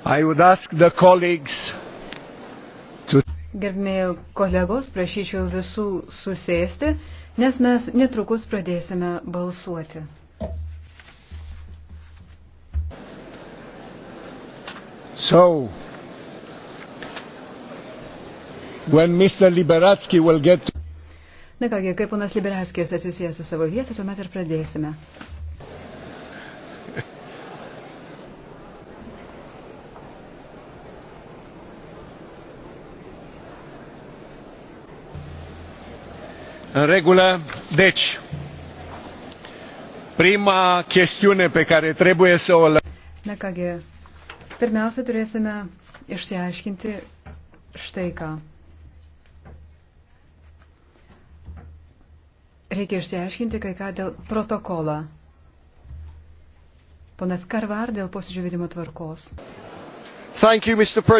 To... Gerbėjai kolegos, prašyčiau visų susėsti, nes mes netrukus pradėsime balsuoti. So, when Mr. Liberatsky will get... Na kągi, kai ponas Liberatskis atsisės į savo vietą, tuomet ir pradėsime. În regulă. Deci, prima chestiune pe care trebuie să o... Na kągi, pirmiausia turėsime išsiaiškinti štai ką. Reikia išsiaiškinti kai ką dėl protokolą. Ponas Karvar dėl posėdžio vedimo tvarkos. Thank you, Mr. President.